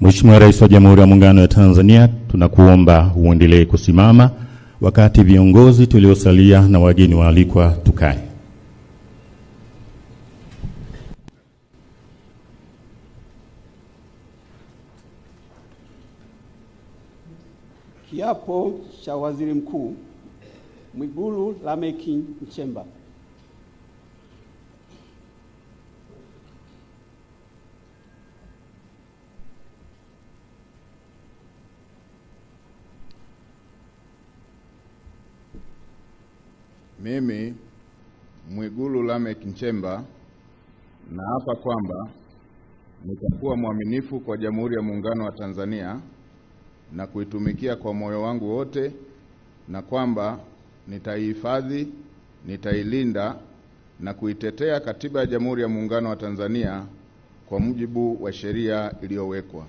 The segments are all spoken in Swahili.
Mheshimiwa Rais wa Jamhuri ya Muungano wa Tanzania, tunakuomba uendelee kusimama wakati viongozi tuliosalia na wageni waalikwa tukae. Kiapo cha Waziri Mkuu Mwigulu Lameck Nchemba. Mimi Mwigulu Lameck Nchemba naapa kwamba nitakuwa mwaminifu kwa Jamhuri ya Muungano wa Tanzania na kuitumikia kwa moyo wangu wote, na kwamba nitaihifadhi, nitailinda na kuitetea Katiba ya Jamhuri ya Muungano wa Tanzania kwa mujibu wa sheria iliyowekwa.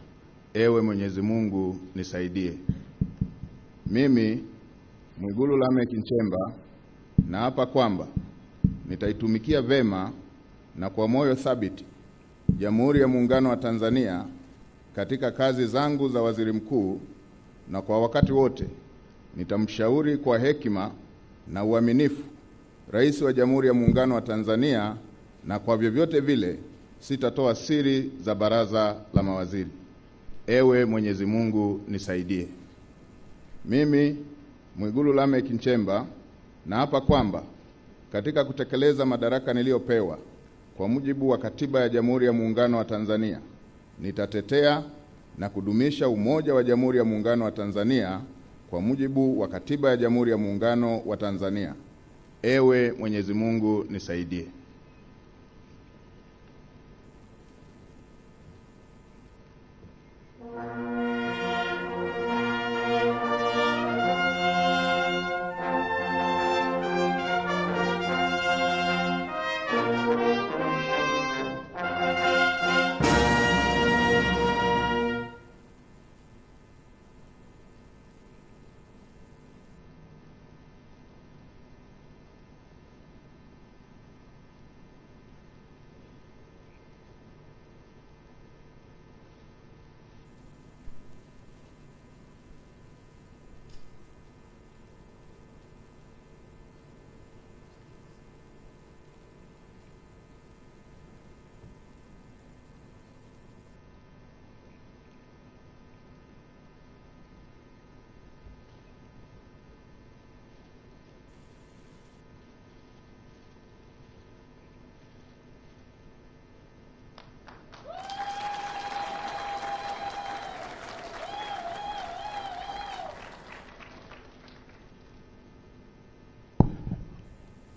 Ewe Mwenyezi Mungu nisaidie. Mimi Mwigulu Lameck Nchemba naapa kwamba nitaitumikia vema na kwa moyo thabiti Jamhuri ya Muungano wa Tanzania katika kazi zangu za Waziri Mkuu na kwa wakati wote nitamshauri kwa hekima na uaminifu Rais wa Jamhuri ya Muungano wa Tanzania na kwa vyovyote vile sitatoa siri za baraza la mawaziri. Ewe Mwenyezi Mungu nisaidie. Mimi Mwigulu Lameck Nchemba naapa kwamba katika kutekeleza madaraka niliyopewa kwa mujibu wa Katiba ya Jamhuri ya Muungano wa Tanzania nitatetea na kudumisha umoja wa Jamhuri ya Muungano wa Tanzania kwa mujibu wa Katiba ya Jamhuri ya Muungano wa Tanzania. Ewe Mwenyezi Mungu nisaidie.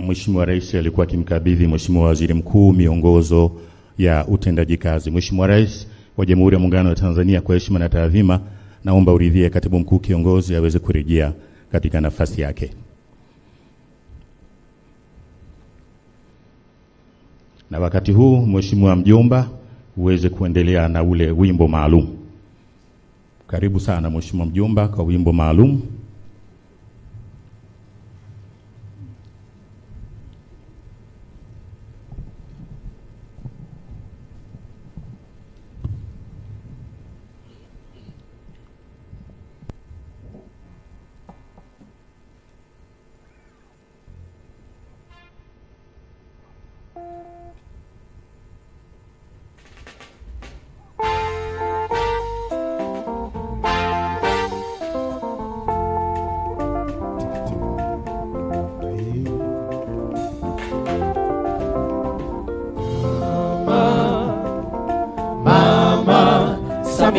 Mheshimiwa Rais alikuwa akimkabidhi Mheshimiwa Waziri Mkuu miongozo ya utendaji kazi. Mheshimiwa Rais wa Jamhuri ya Muungano wa Tanzania, kwa heshima na taadhima, naomba uridhie Katibu Mkuu kiongozi aweze kurejea katika nafasi yake. Na wakati huu Mheshimiwa mjomba uweze kuendelea na ule wimbo maalum. Karibu sana Mheshimiwa mjomba kwa wimbo maalum.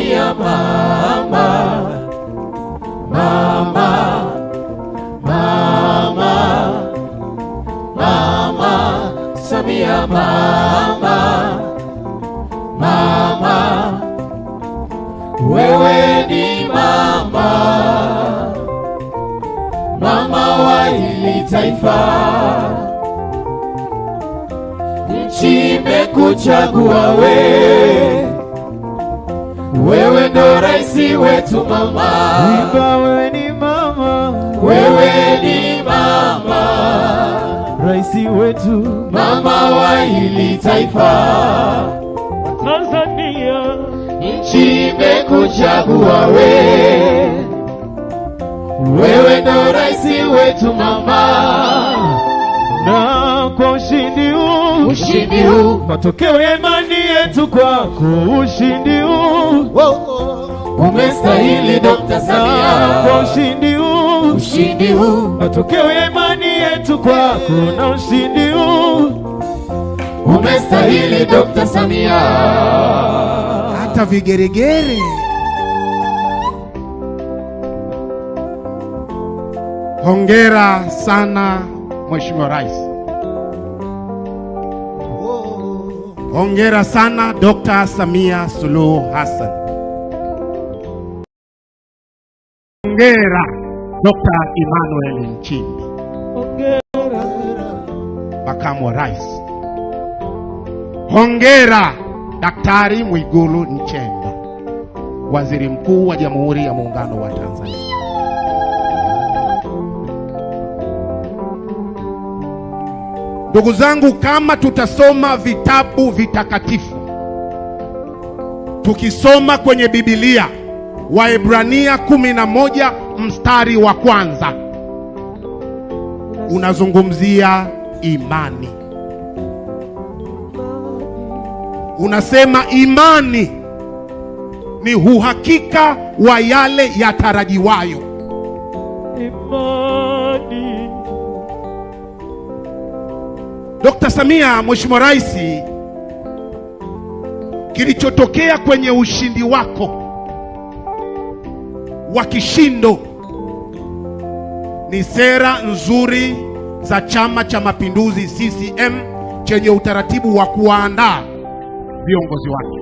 ya mama, mama, mama, mama Samia mama, mama, wewe ni mama, mama wa hili taifa nchi imekuchagua wewe ndo rais wetu mama, Imba wewe ni mama, wewe ni mama, rais wetu, mama wa hili taifa Tanzania, nchi imekuchagua we, wewe ndo rais wetu mama, na kwa ushindi huu, ushindi huu matokeo ya imani yetu kwako ushindi huu umestahili Dr. Samia kwa ushindi huu ushindi huu matokeo ya imani yetu kwako na ushindi huu umestahili Dr. Samia hata vigeregere Hongera sana Mheshimiwa Rais. Hongera sana Dr. Samia Suluhu Hassan. Hongera Dr. Emmanuel Nchimbi, makamu wa rais. Hongera Daktari Mwigulu Nchemba, waziri mkuu wa Jamhuri ya Muungano wa Tanzania. Ndugu zangu, kama tutasoma vitabu vitakatifu, tukisoma kwenye Biblia Waebrania 11 mstari wa kwanza unazungumzia imani, unasema imani ni uhakika wa yale yatarajiwayo. Dkt. Samia, Mheshimiwa Rais, kilichotokea kwenye ushindi wako wa kishindo ni sera nzuri za Chama cha Mapinduzi CCM chenye utaratibu wa kuwaandaa viongozi wake,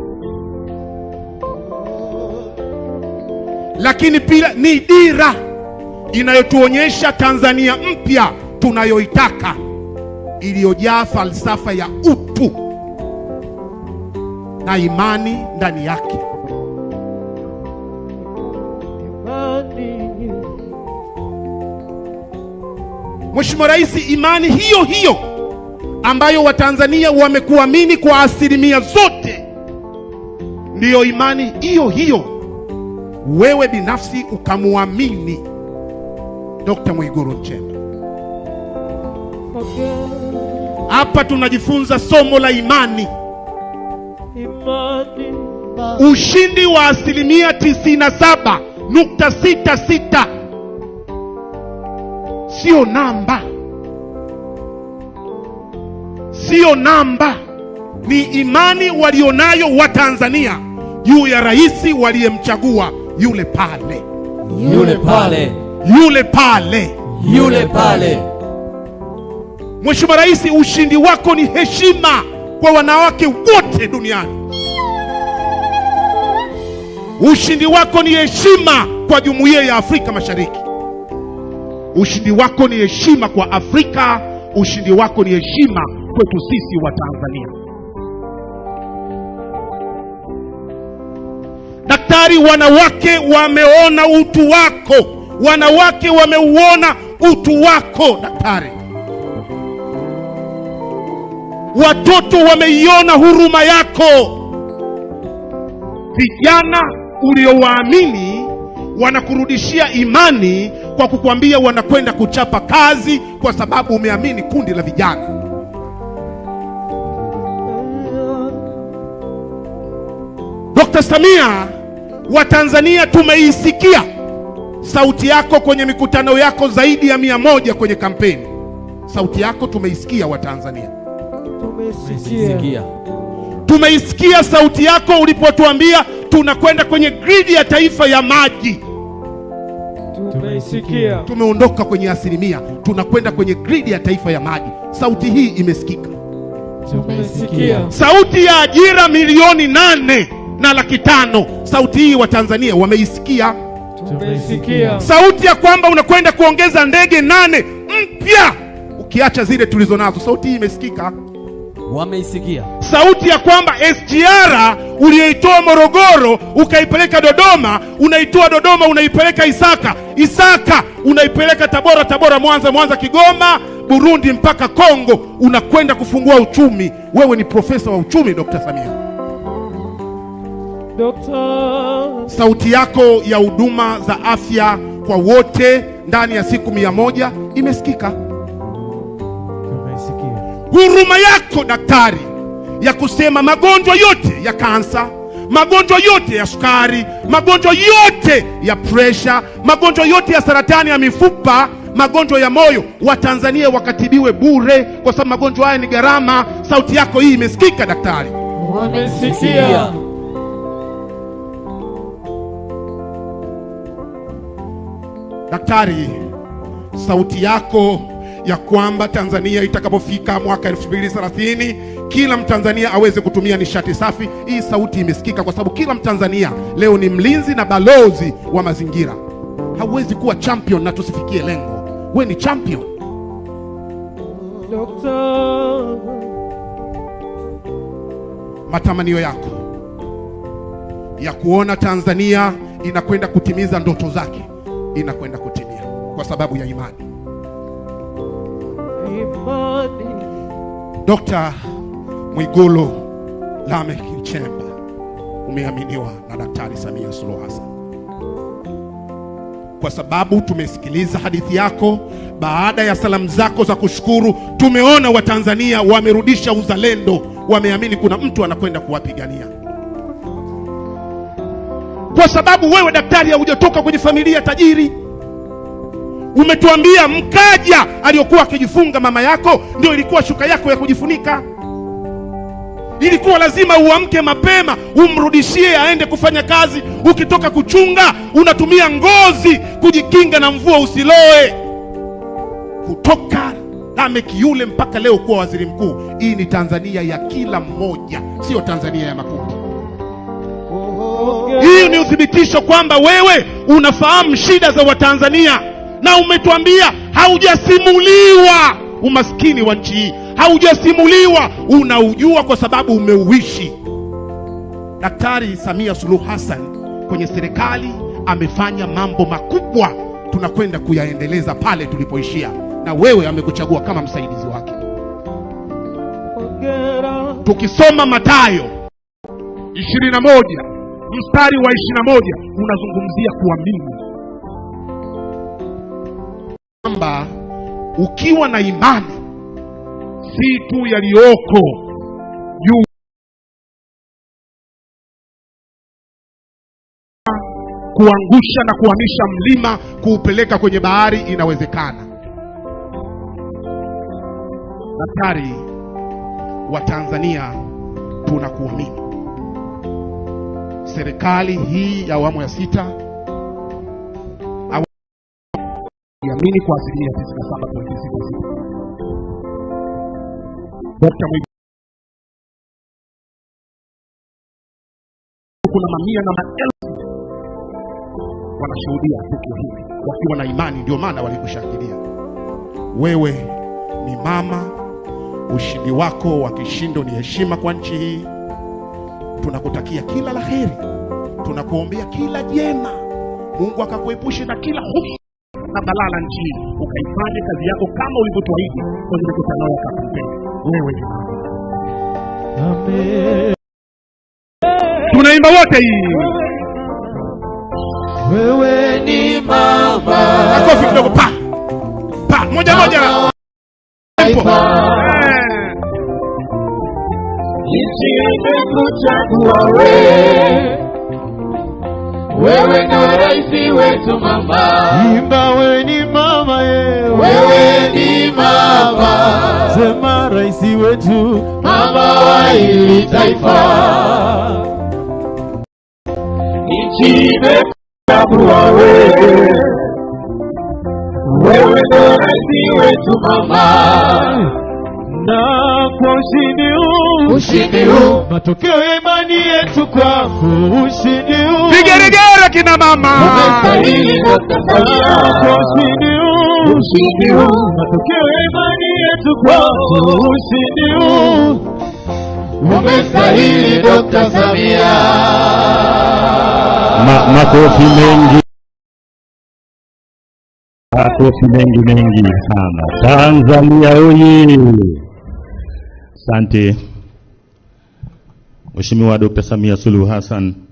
lakini pia ni dira inayotuonyesha Tanzania mpya tunayoitaka iliyojaa falsafa ya utu na imani ndani yake. Mheshimiwa Rais, imani hiyo hiyo ambayo Watanzania wamekuamini kwa asilimia zote, ndiyo imani hiyo hiyo wewe binafsi ukamwamini Dr. Mwigulu Nchemba. Okay. Hapa tunajifunza somo la imani, imani. Ushindi wa asilimia 97.66 sio namba, sio namba, ni imani walionayo Watanzania juu ya rais waliyemchagua yule pale, yule pale, yule pale, yule pale, yule pale. Mheshimiwa Rais, ushindi wako ni heshima kwa wanawake wote duniani. Ushindi wako ni heshima kwa jumuiya ya Afrika Mashariki. Ushindi wako ni heshima kwa Afrika. Ushindi wako ni heshima kwetu sisi wa Tanzania. Daktari, wanawake wameona utu wako, wanawake wameuona utu wako daktari. Watoto wameiona huruma yako. Vijana uliowaamini wanakurudishia imani kwa kukwambia wanakwenda kuchapa kazi, kwa sababu umeamini kundi la vijana. Dkt. Samia, Watanzania tumeisikia sauti yako kwenye mikutano yako zaidi ya mia moja kwenye kampeni. Sauti yako tumeisikia Watanzania tumeisikia. Tumeisikia sauti yako ulipotuambia tunakwenda kwenye gridi ya taifa ya maji. Tumeisikia. Tumeondoka kwenye asilimia, tunakwenda kwenye gridi ya taifa ya maji. Sauti hii imesikika. Tumeisikia. Sauti ya ajira milioni nane na laki tano. Sauti hii Watanzania wameisikia. Tumeisikia. Sauti ya kwamba unakwenda kuongeza ndege nane mpya ukiacha zile tulizo nazo. Sauti hii imesikika wameisikia sauti ya kwamba SGR uliyoitoa Morogoro ukaipeleka Dodoma, unaitoa Dodoma unaipeleka Isaka, Isaka unaipeleka Tabora, Tabora Mwanza, Mwanza Kigoma, Burundi mpaka Kongo, unakwenda kufungua uchumi. Wewe ni profesa wa uchumi, Dr. Samia. Sauti yako ya huduma za afya kwa wote ndani ya siku mia moja imesikika huruma yako daktari, ya kusema magonjwa yote ya kansa, magonjwa yote ya sukari, magonjwa yote ya presha, magonjwa yote ya saratani ya mifupa, magonjwa ya moyo, Watanzania wakatibiwe bure, kwa sababu magonjwa haya ni gharama. Sauti yako hii imesikika daktari, wamesikia. Daktari, sauti yako ya kwamba Tanzania itakapofika mwaka 2030 kila Mtanzania aweze kutumia nishati safi. Hii sauti imesikika kwa sababu kila Mtanzania leo ni mlinzi na balozi wa mazingira. Hauwezi kuwa champion na tusifikie lengo. We ni champion Matamanio yako ya kuona Tanzania inakwenda kutimiza ndoto zake inakwenda kutimia kwa sababu ya imani. Dr. Mwigulu Lameck Nchemba umeaminiwa na Daktari Samia Suluhu Hassan kwa sababu tumesikiliza hadithi yako. Baada ya salamu zako za kushukuru, tumeona Watanzania wamerudisha uzalendo, wameamini kuna mtu anakwenda kuwapigania kwa sababu wewe daktari, haujatoka kwenye familia tajiri Umetuambia mkaja aliyokuwa akijifunga mama yako ndio ilikuwa shuka yako ya kujifunika. Ilikuwa lazima uamke mapema umrudishie aende kufanya kazi. Ukitoka kuchunga, unatumia ngozi kujikinga na mvua usiloe. Kutoka Lameki yule mpaka leo kuwa waziri mkuu. Hii ni Tanzania ya kila mmoja, siyo Tanzania ya makundi. Hii ni uthibitisho kwamba wewe unafahamu shida za Watanzania na umetuambia haujasimuliwa umaskini wa nchi hii, haujasimuliwa, unaujua kwa sababu umeuishi. Daktari Samia Suluhu Hassan kwenye serikali amefanya mambo makubwa, tunakwenda kuyaendeleza pale tulipoishia, na wewe amekuchagua kama msaidizi wake. Tukisoma Mathayo 21 mstari wa 21 unazungumzia kuamini kwamba ukiwa na imani si tu yaliyoko juu kuangusha na kuhamisha mlima kuupeleka kwenye bahari inawezekana. Daktari wa Tanzania, tunakuamini. Serikali hii ya awamu ya sita Niamini kwa asilimia tisini na saba pointi sita sita. Dokta kuna mamia na maelfu wanashuhudia tukio hili wakiwa na imani, ndio maana walikushangilia wewe. Ni mama, ushindi wako wa kishindo ni heshima kwa nchi hii. Tunakutakia kila laheri, tunakuombea kila jema, Mungu akakuepushe na kila hofu na balaa nchi hii, ukaifanye kazi yako kama ulivyotuahidi kwenye mikutano wa kape wewe. Tunaimba wote hii wewe ni mama. Makofi kidogo, pa pa, moja moja eh. nchi imekuchagua wewe wewe ndo raisi wetu mama, imba wewe ni mama ye, wewe ni mama, sema raisi wetu mama wa hili taifa, nchi imekuchagua wewe, wewe ndo raisi wetu mama na kwa ushindi huu, ushindi huu, matokeo ya imani yetu kwako, ushindi huu, piga Saidia kina mama, Makofi mengi, makofi mengi mengi sana. Tanzania oye! Asante Mheshimiwa Dr. Samia Suluhu Hassan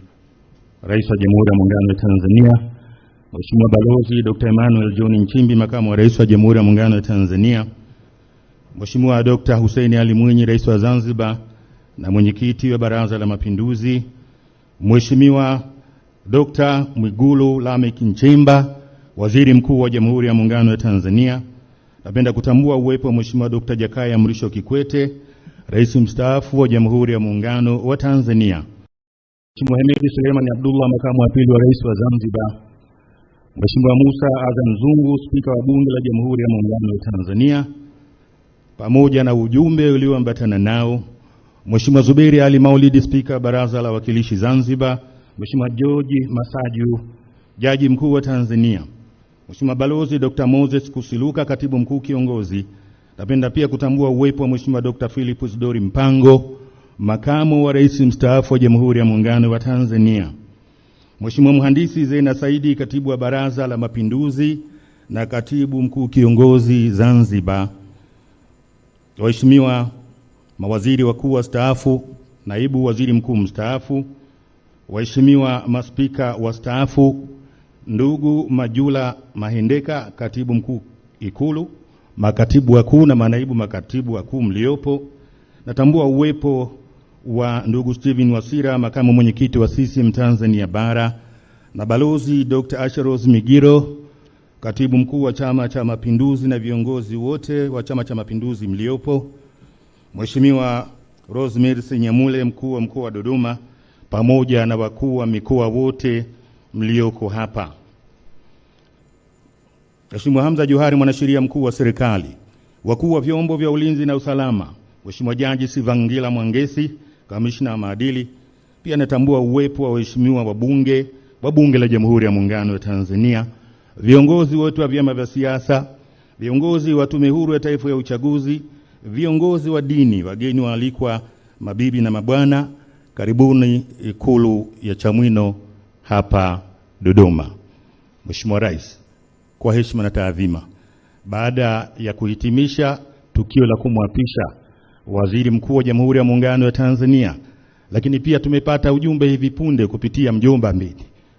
Rais wa Jamhuri ya Muungano wa Tanzania, Mheshimiwa Balozi Dr. Emmanuel John Nchimbi, Makamu wa Rais wa Jamhuri ya Muungano wa Tanzania, Mheshimiwa Dr. Hussein Ali Mwinyi, Rais wa Zanzibar na Mwenyekiti wa Baraza la Mapinduzi, Mheshimiwa Dr. Mwigulu Lameck nchimba Waziri Mkuu wa Jamhuri ya Muungano wa Tanzania. Napenda kutambua uwepo wa Mheshimiwa Dr. Jakaya Mrisho Kikwete, Rais mstaafu wa Jamhuri ya Muungano wa Tanzania. Mheshimiwa Suleiman Abdullah, makamu wa pili wa rais wa Zanzibar, Mheshimiwa Musa Azam Zungu, spika wa bunge la Jamhuri ya Muungano wa Tanzania, pamoja na ujumbe ulioambatana nao, Mheshimiwa Zubiri Ali Maulidi, spika baraza la wakilishi Zanzibar, Mheshimiwa George Masaju, jaji mkuu wa Tanzania, Mheshimiwa Balozi Dr. Moses Kusiluka, katibu mkuu kiongozi. Napenda pia kutambua uwepo wa Mheshimiwa Dr. Philip Isdori Mpango makamu wa rais mstaafu wa Jamhuri ya Muungano wa Tanzania, Mheshimiwa Mhandisi Zena Saidi, katibu wa Baraza la Mapinduzi na katibu mkuu kiongozi Zanzibar, waheshimiwa mawaziri wakuu wastaafu, naibu waziri mkuu mstaafu, waheshimiwa maspika wastaafu, ndugu Majula Mahendeka, katibu mkuu Ikulu, makatibu wakuu na manaibu makatibu wakuu mliopo, natambua uwepo wa ndugu Steven Wasira, makamu mwenyekiti wa CCM Tanzania Bara, na Balozi Dr. Asha-Rose Migiro, katibu mkuu wa Chama cha Mapinduzi, na viongozi wote wa Chama cha Mapinduzi mliopo, Mheshimiwa Rosemary Senyamule, mkuu wa mkoa wa Dodoma, pamoja na wakuu wa mikoa wote mlioko hapa, Mheshimiwa Hamza Johari, mwanasheria mkuu wa serikali, wakuu wa vyombo vya ulinzi na usalama, Mheshimiwa Jaji Sivangila Mwangesi kamishna wa maadili. Pia natambua uwepo wa waheshimiwa wabunge wa Bunge la Jamhuri ya Muungano wa Tanzania, viongozi wote wa vyama vya siasa, viongozi wa Tume Huru ya Taifa ya Uchaguzi, viongozi wa dini, wageni waalikwa, mabibi na mabwana, karibuni Ikulu ya Chamwino hapa Dodoma. Mheshimiwa Rais, kwa heshima na taadhima, baada ya kuhitimisha tukio la kumwapisha waziri mkuu wa Jamhuri ya Muungano wa Tanzania. Lakini pia tumepata ujumbe hivi punde kupitia mjomba mbili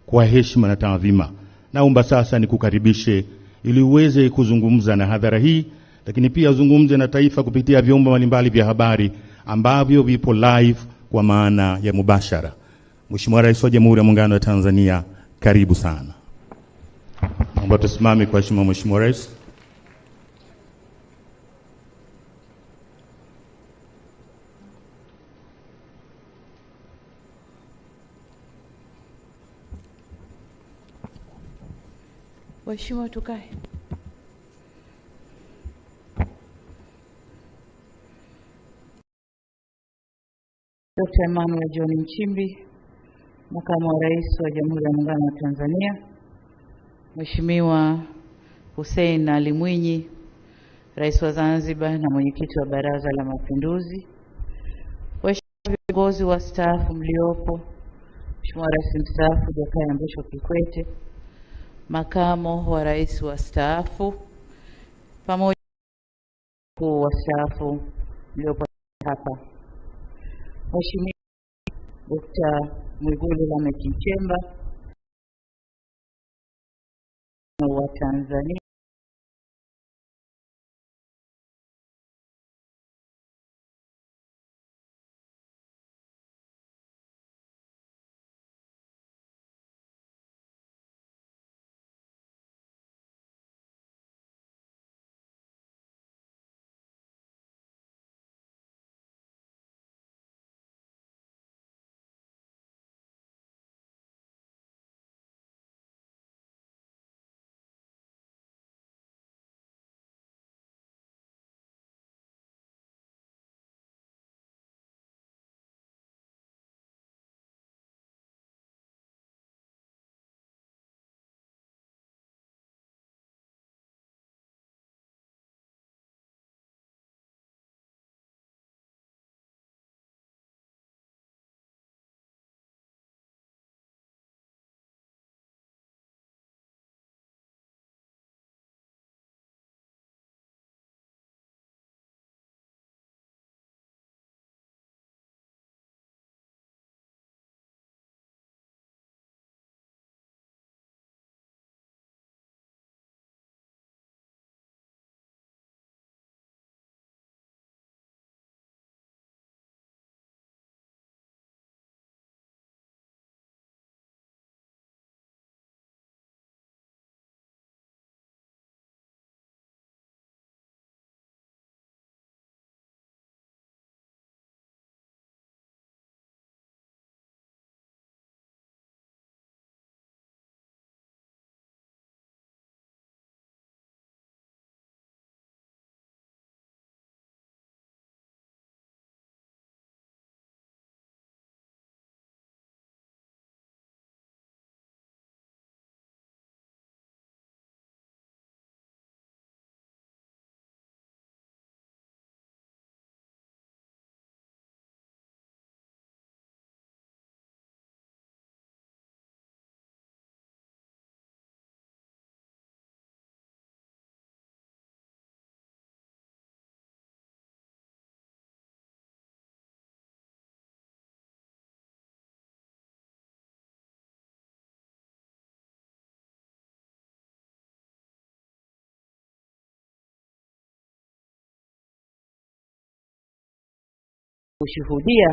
Kwa heshima na taadhima, naomba sasa nikukaribishe ili uweze kuzungumza na hadhara hii, lakini pia uzungumze na taifa kupitia vyombo mbalimbali vya habari ambavyo vipo live kwa maana ya mubashara. Mheshimiwa Rais wa Jamhuri ya Muungano wa Tanzania, karibu sana. Naomba tusimame kwa heshima, Mheshimiwa Rais. Waheshimiwa, tukae. Dkt. Emmanuel John Nchimbi, makamu wa rais wa Jamhuri ya Muungano wa Tanzania, Mheshimiwa Hussein Ali Mwinyi, rais wa Zanzibar na mwenyekiti wa Baraza la Mapinduzi, waheshimiwa viongozi wa staafu mliopo, Mheshimiwa Rais mstaafu Jakaya Mrisho Kikwete makamo wa rais wa staafu pamoja wa staafu mliopo hapa, Mheshimiwa Dkt. Mwigulu Lameck Nchemba wa Tanzania Hoje judia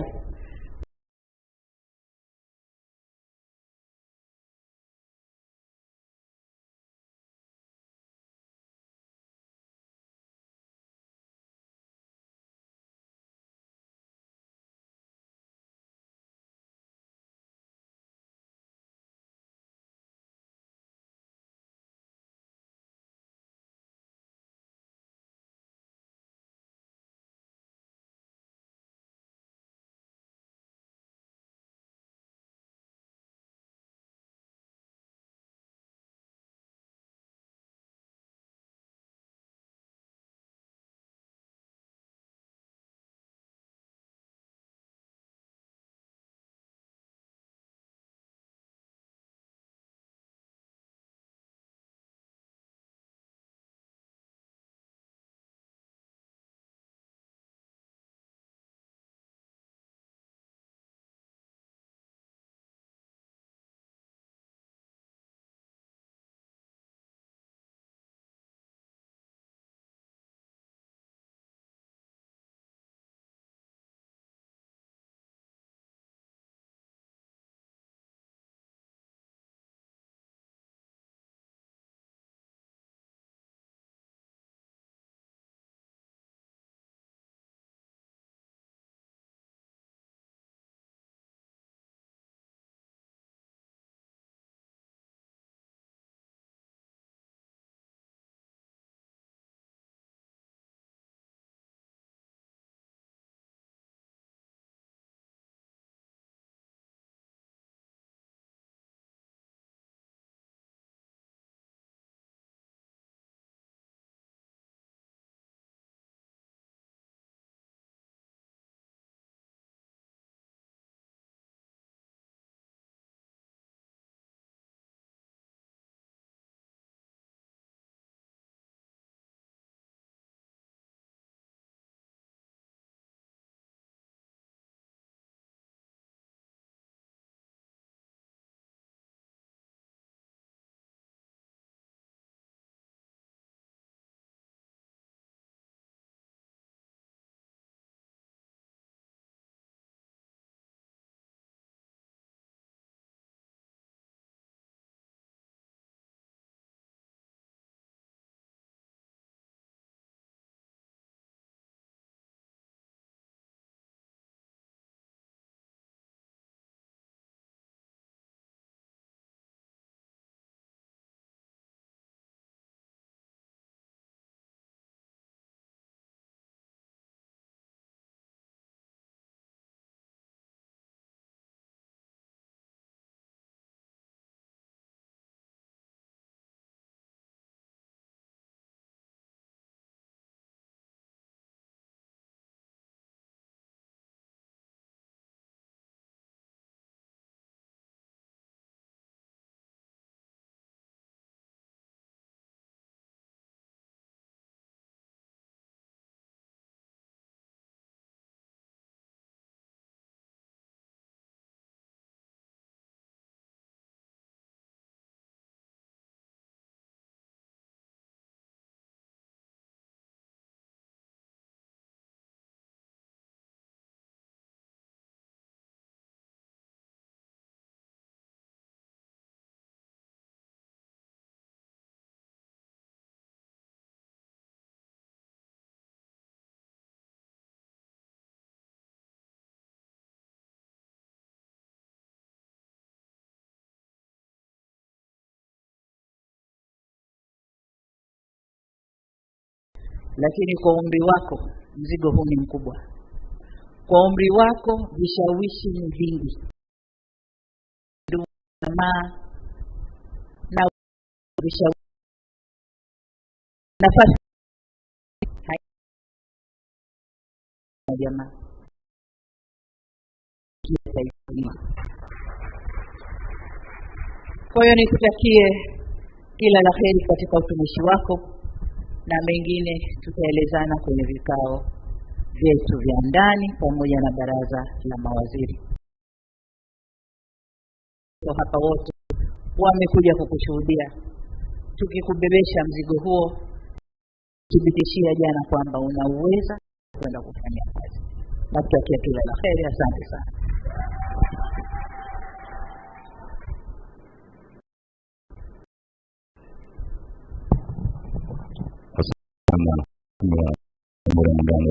lakini kwa umri wako mzigo huu ni mkubwa. Kwa umri wako vishawishi ni vingi, jamaa na vishawishi, nafasi na jamaa kwa hiyo nikutakie kila la heri katika utumishi wako na mengine tutaelezana kwenye vikao vyetu vya ndani pamoja na baraza la mawaziri. So hapa wote wamekuja kukushuhudia tukikubebesha mzigo huo, thibitishia jana kwamba unauweza kwenda kufanya kazi. Nakutakia kila la heri. Asante sana. mudah-mudahan